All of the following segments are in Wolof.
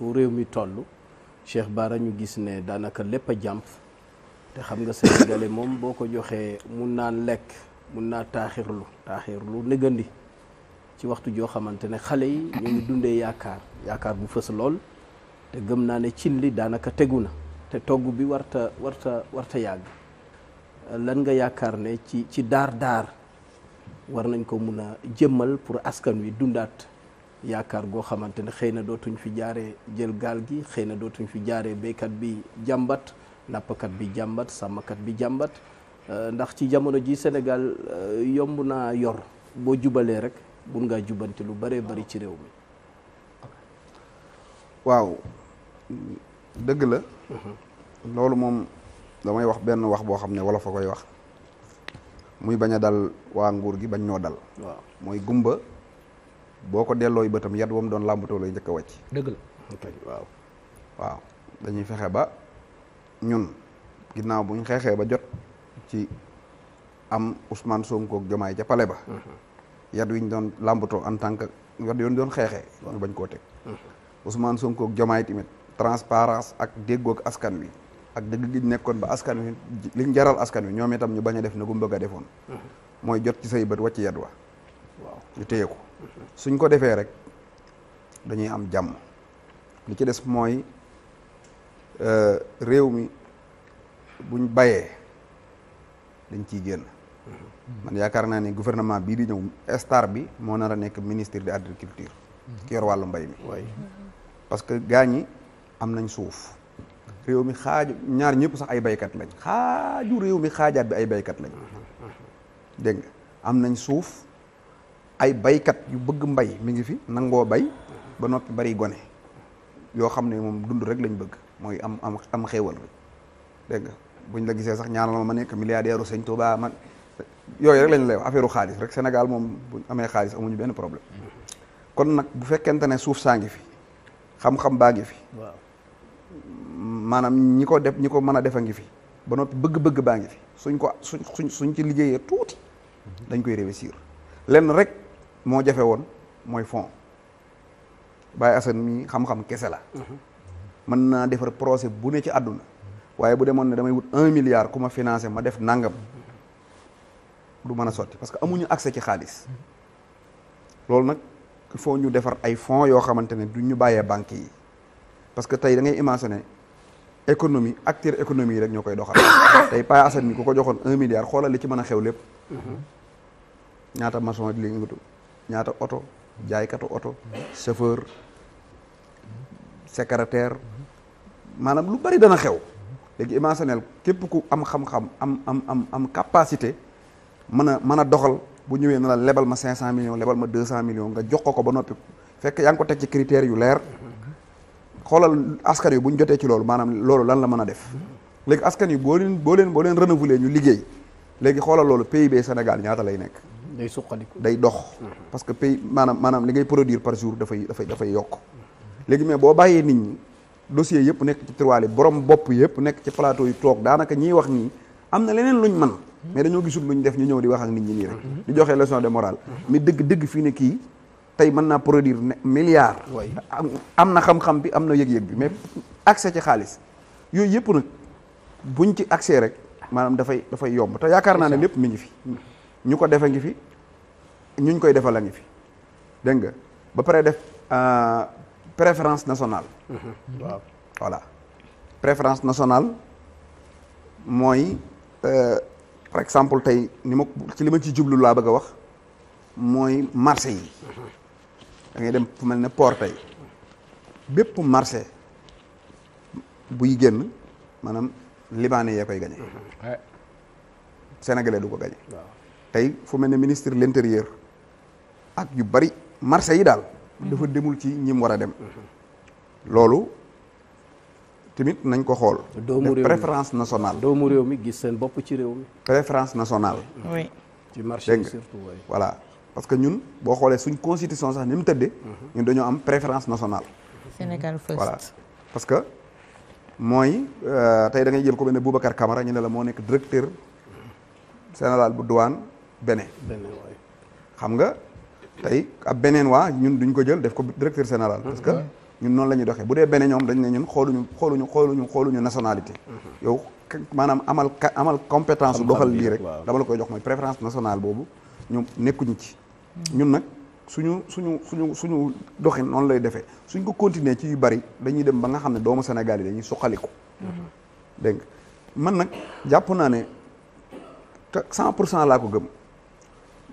bu réew mi toll Cheikh Bara ñu gis ne daanaka lépp a jàmp te xam nga sénégalais moom boo ko joxee mun naan lekk mun naa taaxirlu taaxirlu nëgandi ci waxtu joo xamante ne xale yi ñu ngi dundee yaakaar yaakaar bu fës lool te gëm naa ne cin li daanaka tegu na te togg bi warta warta warta yàgg lan nga yaakaar ne ci ci daar daar war nañ ko mun a jëmmal pour askan wi dundaat yaakaar goo xamante ne xëy na dootuñu fi jaaree jël gaal gi xëy na dootuñu fi jaaree béykat bi jàmbat nappkat bi jàmbat sàmmkat bi jàmbat euh, ndax ci jamono ji Sénégal euh, yomb naa yor boo jubalee rek mun ngaa jubanti lu bëree bari ci réew mi. waaw dëgg la. Mhm. loolu moom damay wax benn wax boo xam ne wala fa koy wax. muy bañ a dal waa nguur gi bañ ñoo dal. waaw mooy gumba boo ko dellooy bëtam yat wam doon làmbatoo lay njëkk a wàcc. dëgg la waaw. dañuy fexe ba ñun ginnaaw bu ñu xeexee ba jot ci am Ousmane sonkook Jomaay ca ba. Mhm. yat wi doon làmbatoo en tant que yat yoon doon xeexee. ñu bañ koo teg. Mhm. Ousmane Sonko ak tamit transparence ak déggook askan wi. ak dëgg gi nekkoon ba askan wi liñ jaral askan wi ñoom itam ñu bañ a def na gum bëgg a defoon. Mhm. mooy jot ci say bët wàcc yat wa. ñu téye ko. suñ ko defee rek dañuy am jàmm li ci des mooy euh, réew mi buñ bayee dañ ciy génn man yaakaar naa ne gouvernement bii di ñëw star bi moo nar a nekk ministre de l'agriculture ki yor wàllu mbay mi parce que gaa ñi am nañ suuf réew mi xaaju ñaar ñëpp sax ay baykat lañ xaaju réew mi xaajaat bi ay baykat lañ dégg am nañ suuf ay baykat yu bëgg mbay mi ngi fi nangoo bay ba noppi bari gone yoo xam ne moom dund rek lañ bëgg mooy am am am xéewal dégg nga buñ la gisee sax ñaanal ma ma nekk milliardaire sëñ baa man yooyu rek lañ lay wax affaire xaalis rek Sénégal moom bu ñu amee xaalis amuñu benn problème kon nag bu fekkente ne suuf saa ngi fi xam-xam baa ngi fi. waaw maanaam ñi ko def ñi ko mën a def a ngi fi ba noppi bëgg-bëgg baa ngi fi suñ ko suñ suñ suñ ci liggéeyee tuuti mhm. dañ koy réussir rek. moo jafe woon mooy fond Baye Assane mii xam-xam kese la mhm. mën naa defar projet bu ne ci àdduna waaye bu demoon ne damay wut un milliard ku ma financé ma def nangam du mën a sotti parce que amuñu accès ci xaalis loolu nag il faut ñu defar ay fonds yoo xamante ne du ñu bàyyee banques yi parce que tey da ngay imaginer économie acteur économie yi rek ñoo koy doxal tey Paa Assane mi ku ko joxoon un milliard xoolal li ci mën a xew lépp mhm. ñaata maçon li ngi ñaata oto jaaykatu oto chauffeur secrétaire maanaam lu bari dana xew léegi émotionnel képp ku am xam-xam am am am am capacité mën a mën a doxal bu ñëwee na la lebal ma cinq cent millions lebal ma deux cent millions nga jox ko ko ba noppi fekk yaa ngi ko teg ci critères yu leer xoolal askan yu bu ñu jotee ci loolu maanaam loolu lan la mën a def léegi askan yu boo leen boo leen boo leen renouveler ñu liggéey léegi xoolal loolu PIB Sénégal ñaata lay nekk day suqaliku day dox mhm. parce que pays maanaam maanaam li ngay produire par jour dafay dafay dafay yokk léegi mais boo bàyyee nit ñi dossier yëpp nekk ci tiroir yi borom bopp yëpp nekk ci plateau yi toog daanaka ñiy wax nii am na leneen luñ mën mhm. mais dañoo gisul luñ def ñu ñëw di wax ak nit ñi nii rek mhm. di joxe leçon de morale mais dëgg dëgg fii ne kii tey mën naa produire ne milliard am na xam-xam bi am na yëg-yëg bi mais accès ci xaalis yooyu yëpp nag buñ ci accès rek maanaam dafay dafay yomb te yaakaar naa ne lépp mi ngi fi ñu ko defa ngi fi ñuñ koy defal ngi fi dégg nga ba pare def euh, préférence nationale mm-hmm. waaw voilà préférence nationale mooy euh, par exemple tey ni ma ci li ma ci jublu laa bëgg a wax mooy marché yi mm-hmm. da dem fu mel ne port tey bépp marché buy génn maanaam libaane yee koy gañe mm-hmm. sénégalais du ko gañe tey fu mel ni ministre de l'intérieur ak yu bari marché yi daal dafa mhm. demul ci ñim war a dem loolu tamit nañ ko xool doomu réew mi préférence nationale doomu réew mi gis seen bopp ci réew mi préférence nationale mhm. oui ci parce que ñun boo xoolee suñ constitution sax ni mu tëddee mhm. ñun dañoo am préférence nationale Sénégal first parce que mooy euh, tey da ngay jël ko mel ne Camara ñu la moo nekk directeur général bu douane Bénin xam nga tey ab beneen waa ñun duñ ko jël def ko directeur général parce que mm-hmm. ñun noonu lañuy doxee bu dee beneen ñoom dañ ne ñun xooluñu xooluñu xooluñu xooluñu nationalité mm-hmm. yow maanaam amal amal compétence doxal lii rek dama la koy jox mooy préférence nationale boobu ñu nekkuñu ci ñun nag suñu suñu suñu suñu doxin noonu lay defee suñ ko continuer ci yu bari dañuy dem ba nga xam ne doomu Sénégal yi dañuy suqaliku mm-hmm. dégg nga man nag jàpp naa ne cent pour cent laa ko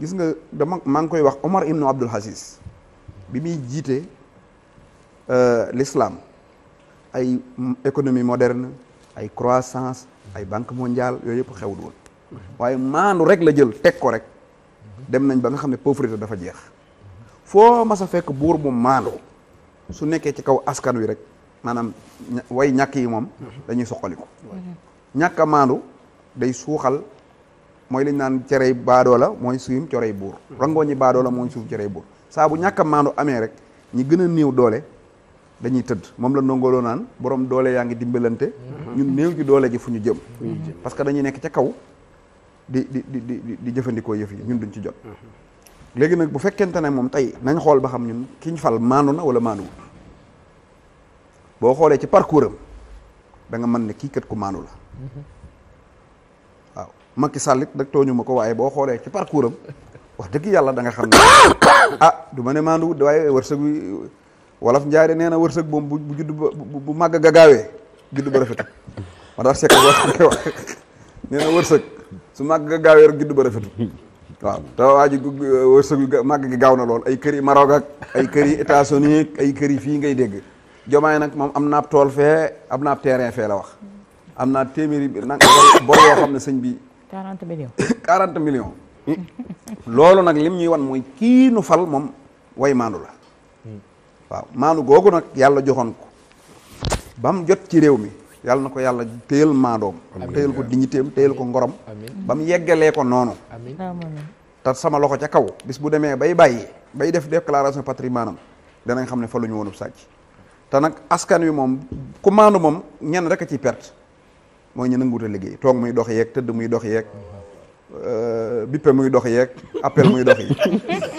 gis nga dama maa ngi koy wax Omar ibnu Abdul Aziz bi muy jiite euh, lislaam ay économie moderne ay croissance ay banque mondiale yooyu yëpp xewul woon waaye maandu rek la jël teg ko rek dem nañ ba nga xam ne pauvreté dafa jeex foo mas a fekk buur bu maandu su nekkee ci kaw askan wi rek maanaam way ñàkk yi moom dañuy soqali ko maandu day suuxal mooy li naan cerey baadoo la mooy suyum corey buur rangoo ñi baadoola la mooy suuf cerey buur saa bu ñàkk a maandu amee rek ñi gën a néew doole dañuy tëdd moom la ndongoloo naan borom doole yaa ngi dimbalante ñun néew ji doole ji fu ñu jëm parce que dañuy nekk ca kaw di di di di di jëfandikoo yëf yi ñun duñ ci jot léegi nag bu fekkente ne moom tey nañ xool ba xam ñun kiñ fal maandu na wala maanduwul boo xoolee ci parcours am da nga mën ne kii kat ku la Macky Sall it nag ma ko waaye boo xoolee ci parcours wax dëgg yàlla da nga xam ne ah du ma ne waaye wërsëg wi wolof njaare nee na wërsëg moom bu bu judd bu màgg ga gaawee judd ba rafetul ma daal sekk boo wax nee na su màgg ga gaawee rek ba rafetul waaw te waa ji wërsëg yu màgg gi gaaw na lool ay kër yi Maroc ak ay kër yi États-Unis ay kër yi fii ngay dégg jomaay nag moom am naab tool fee am naab terrain fee la wax am naa téeméeri nag bor yoo xam ne sëñ bi 40 millions. 40 millions. loolu nag lim ñuy wan mooy kii nu fal moom way maandu la. waaw maandu googu nag yàlla joxoon ko. ba mu jot ci réew mi yàlla na ko yàlla téyal maandoom. téyal ko dignitéem téyal ko ngorom. ba mu yeggalee ko noonu. te sama loxo ca kaw bis bu demee bay bàyyi bay def déclaration patrimoine am danañ xam ne fa lu ñu woonub sàcc. te nag askan wi moom ku maandu moom ñenn rek a ciy perte. mooy ñu nanguwut a liggéey toog muy dox yeeg tëdd muy dox yeeg euh, bippe muy dox yeeg appel muy dox yi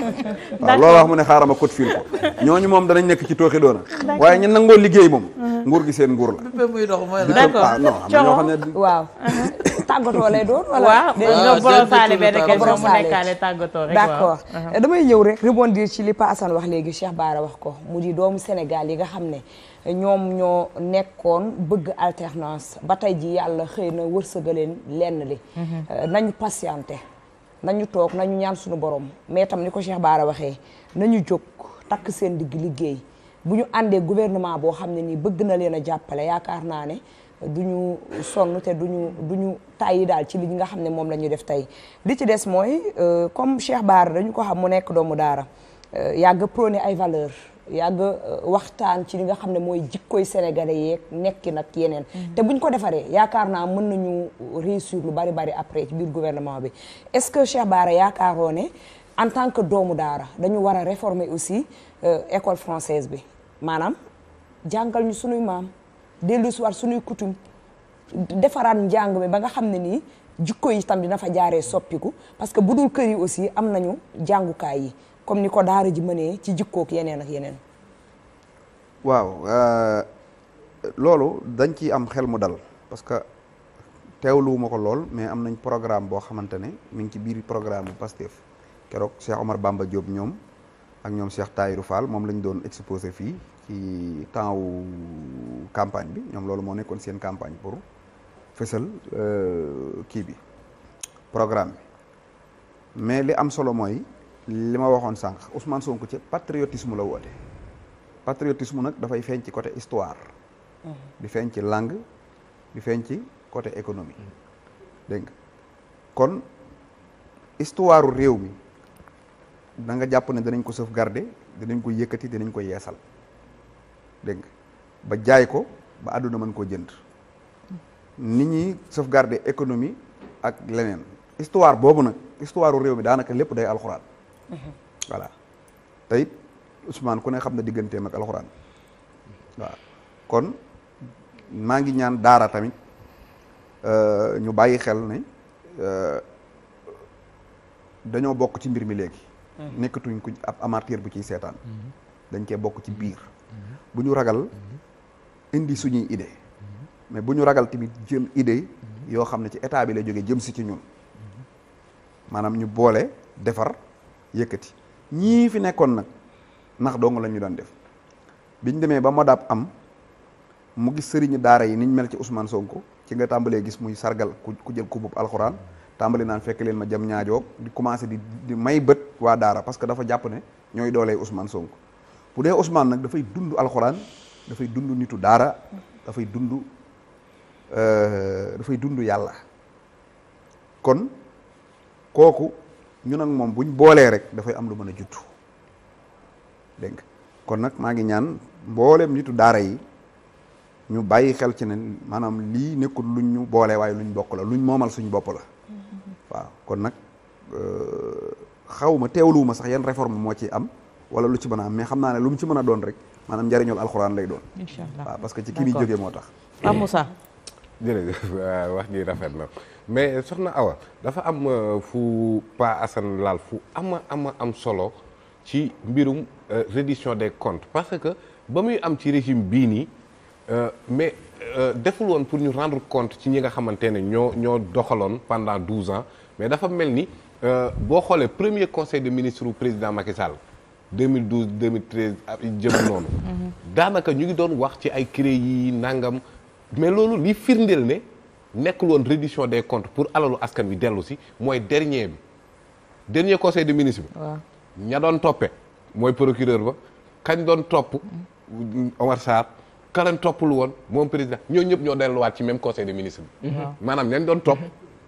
waaw wax mu ne xaaral ma code fil ko ñooñu moom danañ nekk ci tooxi doona waaye ñu nangoo liggéey moom uh-huh. nguur gi seen nguur la bippe muy dox mooy la d'accord tàggatoo lay damay ñëw rek rebondir ci li Pa wax léegi Cheikh Bara wax ko mu di doomu Sénégal yi nga xam ne ñoom ñoo nekkoon bëgg alternance ba tey ji yàlla xëy na wërsëgaleen lenn li mhm. euh, nañu patienté nañu toog nañu ñaan suñu borom mais tam ni ko Cheikh Bara waxee nañu jóg takk seen digg liggéey bu ñu àndee gouvernement boo xam ne nii bëgg na leen a jàppale yaakaar naa ne euh, ñu sonn te duñu duñu tàyyi daal ci li nga xam ne moom la ñu def tey li ci des mooy euh, comme Cheikh Bara dañu ko xam mu nekk doomu daara yàgg prôné ay valeur yàgg euh, waxtaan ci li nga xam ne mooy jikkoy sénégalais yeeg nekki nag yeneen mhm. te buñ ko defaree yaakaar naa mën nañu réussir lu bari bari après ci biir gouvernement bi est-ce que Cheikh Bara yaakaaroo ne en tant que doomu daara dañu war a réformer aussi euh, école française bi maanaam jàngal ñu sunuy maam dellu soir sunuy coutume defaraat njàng mi ba nga xam ne nii jikko yi tam dina fa jaaree soppiku parce que bu dul kër aussi am nañu jàngukaay yi comme ni ko daara ji ma ne ci jikkook yeneen ak yeneen waaw euh, loolu dañ ci am xel mu dal parce que teewluwuma ko lool mais am nañ programme boo xamante ne mi ngi ci biir programme bu Pastef keroog Cheikh Omar Bamba Diop ñoom ak ñoom Cheikh Tahirou Fall moom lañ doon exposé fii ci temps wu campagne bi ñoom loolu moo nekkoon seen campagne pour fësal euh, kii bi programme mais li am solo mooy li ma waxoon sànq Ousmane Sonko ci patriotisme la woote patriotisme nag dafay feeñ ci côté histoire. Mm-hmm. di feeñ ci langue di feeñ ci côté économie. Mm. dégg nga kon histoire réew mi da nga jàpp ne danañ ko sëf garde danañ ko yëkkati danañ ko yeesal dégg nga ba jaay ko ba àdduna mën koo jënd. Mm. nit ñi sauvegarder économie ak leneen histoire boobu nag histoire réew mi daanaka lépp day alxuraan. voilà te it ku ne xam na digganteem ak alxuraan waaw kon maa ngi ñaan daara tamit euh, ñu bàyyi xel ne euh, dañoo bokk ci mbir mi léegi. Mm-hmm. nekkatuñ ku ab amateur bu ciy seetaan. Mm-hmm. dañ kee bokk ci biir. Mm-hmm. bu ñu ragal indi suñuy idée mais bu ñu ragal tamit jël idée yoo xam ne ci état bi la jóge jëm si ci ñun maanaam ñu boole defar. yëkkati ñii fi nekkoon nag nax dong la ñu doon def biñ demee ba Modap am mu gis sëriñu daara yi niñ mel ci Ousmane Sonko ci nga tàmbalee gis muy sargal ku jël kubub alxuraan tàmbali naan fekk leen ma jëm ñaajoog di commencé di di may bët waa daara parce que dafa jàpp ne ñooy doolee Ousmane Sonko bu dee Ousmane nag dafay dund alxuraan dafay dund nitu daara dafay dund euh, dafay dund yàlla kon kooku ñun ak moom buñ boolee rek dafay am lu mën a juttu dégg kon nag maa ngi ñaan mbooleem nitu daara yi ñu bàyyi xel ci ne maanaam lii nekkul lu ñu boolee waaye luñ bokk la luñ moomal suñ bopp la waaw kon nag euh, xaw ma teewluwuma sax yan réforme moo ci am wala lu ci mën a am mais xam naa ne lu mu ci mën a doon rek maanaam njariñul alxuraan lay doon. incha que ci kii bi jógee moo tax. jërëjëf wax ji rafet na mais soxna Awa dafa am euh, fu Pa Assane laal fu ama ama am solo ci mbirum euh, reddition des comptes parce que ba muy am ci régime bii nii euh, mais deful woon pour ñu rendre compte ci ñi nga xamante ne ñoo ñoo doxaloon pendant douze ans mais dafa mel ni boo xoolee premier conseil de ministre u président Macky Sall 2012 2013 ah, jëm noonu mm-hmm. daanaka ñu ngi doon wax ci ay cré yi nangam mais loolu li firndeel ne nekkul woon reddition des comptes pour alalu askan bi dellu si mooy dernier bi dernier conseil des ministres bi ña doon toppe mooy procureur ba kañ doon topp Omar Sarr ka leen toppul woon moom président ñoo ñëpp ñoo delluwaat ci même conseil des ministres bi mm-hmm. maanaam ñañ doon topp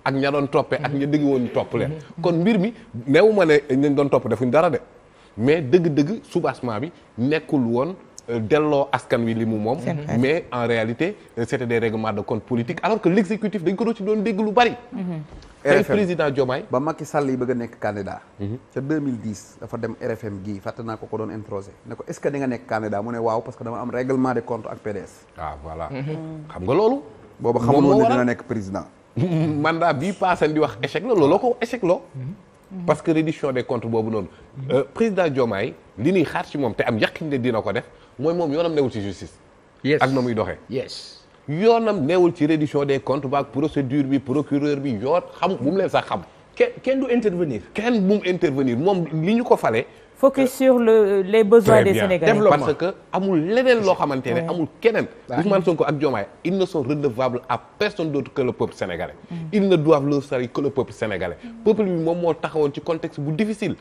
ak ña doon toppee ak ña mm-hmm. dëgg woon topp leen mm-hmm. kon mbir mi neewu ma ne ñañ doon topp defuñ dara de mais dëgg-dëgg soubassement bi nekkul woon Euh, delloo askan wi li mu moom mais en réalité euh, c'était des règlements de compte politique alors que l'exécutif dañ ko doo ci doon dégg lu bari mm-hmm. tey président Diomaye ba Macky Sall yi bëgg a nekk candidat ca mm-hmm. dafa dem RFM gii fàtte naa ko ko doon introsé ne ko est-ce nekk candidat mu ne waaw parce que dama am règlement de compte ak PDS ah mm-hmm. xam nga loolu booba xamul woon dina nekk président mandat bii paasan di wax échec la looloo ko échec loo parce que reddition des comptes boobu noonu euh, président Diomaye li ñuy xaar ci moom te am yaqin ne dina ko def mooy moom yoonam newul ci justice. yes ak na muy doxee. yes yoonam newul ci reddition des comptes baak procédure bi procureur bi yoon xam bu leen sax xam. kenn kenn du intervenir. kenn bu mu intervenir moom li ñu ko fale focus euh, sur le les besoins des parce que amul leneen loo xamante ne amul keneen. Ousmane Sonko ak Diomaye ils ne sont redevables à personne d'autre que le peuple sénégalais. Mm. ils ne doivent leur salut que le peuple sénégalais. Mm. peuple bi moom moo taxawoon ci contexte bu difficile.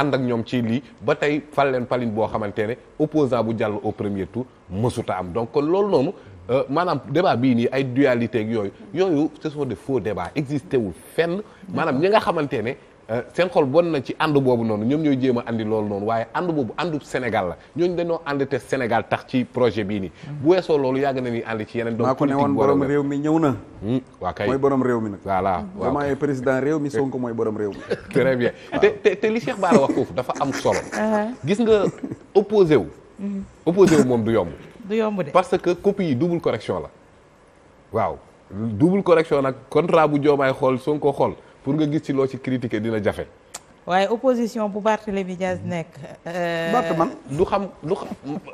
ànd ak ñoom ci lii ba tey fal leen palin boo xamante ne opposant bu jàll au premier tour mësuta am donc kon loolu noonu. Euh, maanaam débat bii nii ay dualité ak yooyu yooyu ce sont des faux débats existé nga xamante ne Euh, seen xol bon na ci ànd boobu noonu ñoom ñoo jéem a àndi loolu noonu waaye ànd boobu àndu Sénégal la ñooñu dañoo ànd te Sénégal tax ci projet bii nii. Mm. bu weesoo loolu yàgg na ni ànd ci yeneen. donc politique boobu borom réew mi ñëw na. Hmm, waa kay mooy borom réew mi nag. voilà waaw mooy président réew mi Sonko mooy borom réew mi. très te te li Cheikh Bara wax foofu dafa am solo. Uh-huh. gis nga opposé wu. Mm-hmm. opposé wu moom du yomb. du yomb de parce que copie yi double correction la waaw double correction nag contrat bu joomaay xool Sonko xool. pour nga gis ci loo ci critiquer dina jafe. waaye opposition bu Barthélémy Dias nekk. Euh, Barth man du xam du xam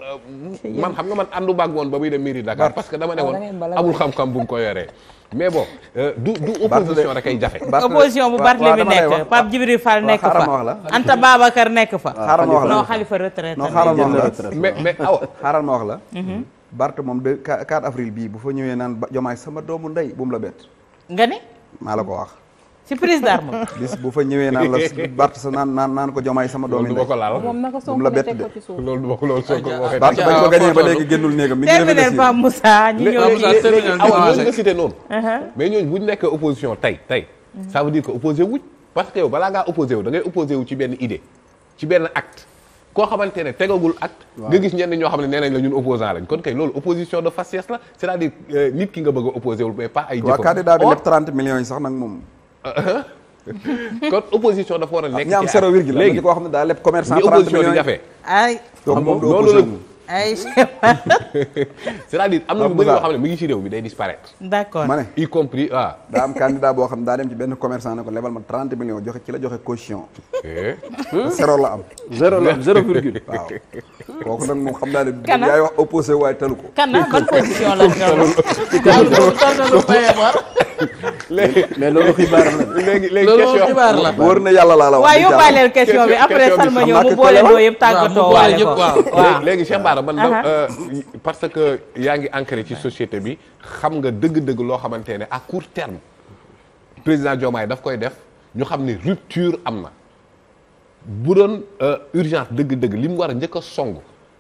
man xam nga man àndu baag woon ba muy dem mairie Dakar parce que dama ne woon amul xam-xam bu mu ko yoree mais bon euh, du opposition rek ay jafe. opposition bu Barthélémy nekk Pape nekk fa Anta Babacar nekk fa. xaaral ma wax la non Khalifa retraité non xaaral ma wax la mais ma la. Barth moom de 4 avril bii bu fa ñëwee naan Diomaye sama doomu ndey bu mu la bett. nga ne. maa la ko wax. ci prise d'arme bis bu fa ñëwee naan la Bart sa naan naan naan ko jomaay sama doomi ndey moom la teg ko ci suuf ko gañee ba léegi génnul néegam mi ngi nga cité noonu uh-huh. mais nekk opposition tey tey ça veut dire que opposé wuñ parce que yow balaa ngaa opposé wu da ngay opposé wu ci benn idée ci benn acte koo xamante tegagul acte nga gis ñenn ñoo xam ne nee nañ la lañ kon kay loolu opposition de faciès la c'est-à-dire euh, nit ki nga bëgg opposé wul mais pas ay jëfam moom kon opposition dafa war a nekk ci am zéro virgule léegi koo xam ne daa lépp commerçant trente millions jafe ay donc moom loolu am na ñu bëri mi ngi ci réew mi day disparaître d'accord ma ne y compris ah daa am boo xam ne daa dem ci benn commerçant ne ko lebal ma trente millions joxe ci la joxe caution eh? zéro la am zéro la am zéro virgule waaw kooku nag moom xam naa ne yaay wax opposé waaye talu ko kana ban léegi mais loolu xibaar léegi léegi question na yàlla laa la wax waaw bi après Salma ñëw mu boole doo yëpp tàggatoo waale ko léegi Cheikh Bara man euh, parce que yaa ngi ancré ci société bi xam nga dëgg-dëgg loo xamante ne à court terme président Diomaye daf koy def ñu xam ne rupture am na bu doon euh, urgence dëgg-dëgg li mu war a njëkk song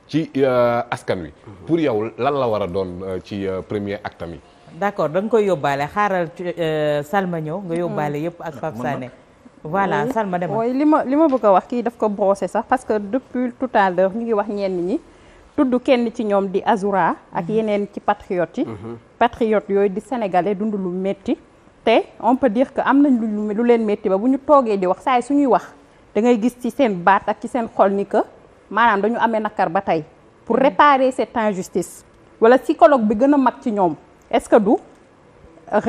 ci euh, askan wi pour yow lan la war a doon ci premier acte mi d'accord da nga koy yóbbaale xaaral euh, Salma ñëw nga mm-hmm. yóbbaale yëpp ak Pape Sané voilà Salma demal mooy li ma li ma bëgg a wax kii daf ko boose sax parce que depuis tout à l'heure ñu ngi wax ñenn ñi tudd kenn ci ñoom di Azoura ak mm-hmm. yeneen ci patriotes yi mm-hmm. patriotes yooyu di sénégalais dund lu metti te on peut dire que am nañ lu lu leen metti ba bu ñu toogee di wax saa yi suñuy wax dangay gis ci seen baat ak ci seen xol ni ko maanaam dañu amee nakar ba tey pour réparer cette injustice wala psychologue bi gën a mag ci ñoom est-ce que du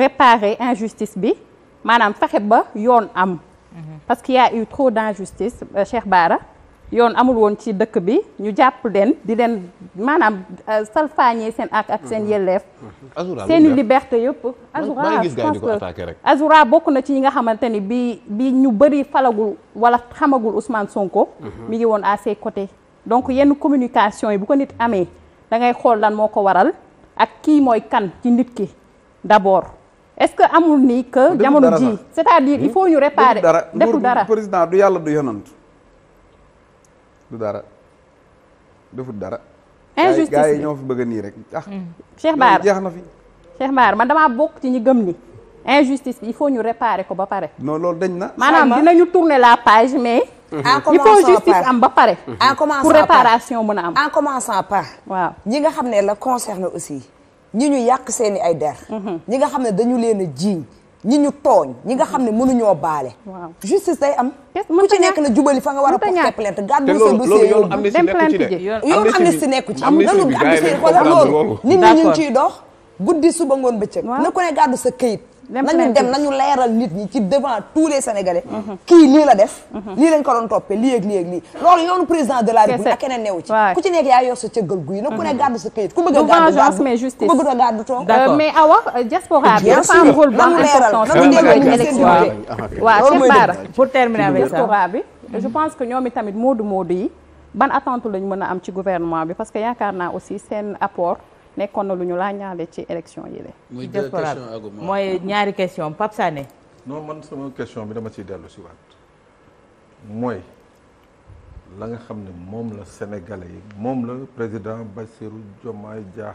réparer injustice bi maanaam fexe ba yoon am. parce que y a eu trop d'injustice euh, Cheikh Bara yoon amul woon ci dëkk bi ñu jàpp leen di leen maanaam euh, salfaañee seen ak ak seen yelleef. seeni i liberté yëpp. Azoura bokk na ci ñi nga xamante ni bi bi ñu bëri falagul wala xamagul Ousmane Sonko. Mhm. mi ngi woon à côté donc yenn communication yi bu ko nit amee da ngay xool lan moo ko waral. ak kii mooy kan ci nit ki d'abord est-ce que amul nii que jamono ji c'est-à-dire il faut ñu réparer defu dara président du yàlla du yonant du dara defu dara injustice gaa yi ñoo fi bëgg nii rek ah mm. Cheikh Bara jeex na fi Cheikh Bara man damaa bokk ci ñi gëm ni injustice bi il faut ñu réparer ko ba pare non loolu dañ na maanaam dinañu tourner la page mais en mhm. commençant par il am ba pare. en commençant par pour réparation mën en commençant par. waaw ñi xam ne la concerne aussi ñi ñu yàq seen i ay der. Mhm. ñi nga xam ne dañu leen a jiiñ ñi ñu tooñ ñi nga xam ne mënuñoo baale. waaw justice day am. ku ci nekk na jubali fa nga war a porter plainte gàddu sa dossier yoon am na si nekku ci am na lu am na si xoolal loolu nit ñi ñu ngi ciy guddi suba ngoon bëccëg na ku ne gàddu sa kayit nañu dem nañu leeral nit ñi ci devant tous les sénégalais mhm. kii lii la def mhm. lii lañ ko doon toppee lii ak lii loolu yoonu président de la république ak keneen newu ci ku ci nekk yaa yor sa cëggal guy na ku ne mhm. gàddu sa këyit ku bëgg a gàddu gàddu mais justice ku bëgg a gàddu toog euh, mais awa euh, diaspora bi dafa am rôle bu important waaw Cheikh Bara pour terminer avec ça diaspora bi je pense que ñoom i tamit moodu moodu yi ban attente lañ mën a am ci gouvernement bi parce que yaakaar naa aussi seen apport nekkoon na lu ñu laa ñaale ci élection yi la diaspora mooy ñaari question Pape Sané non man sama question bi dama ciy dellu si waat mooy la nga xam ne moom la sénégalais yi moom la président Bassirou Diomaye Diakhar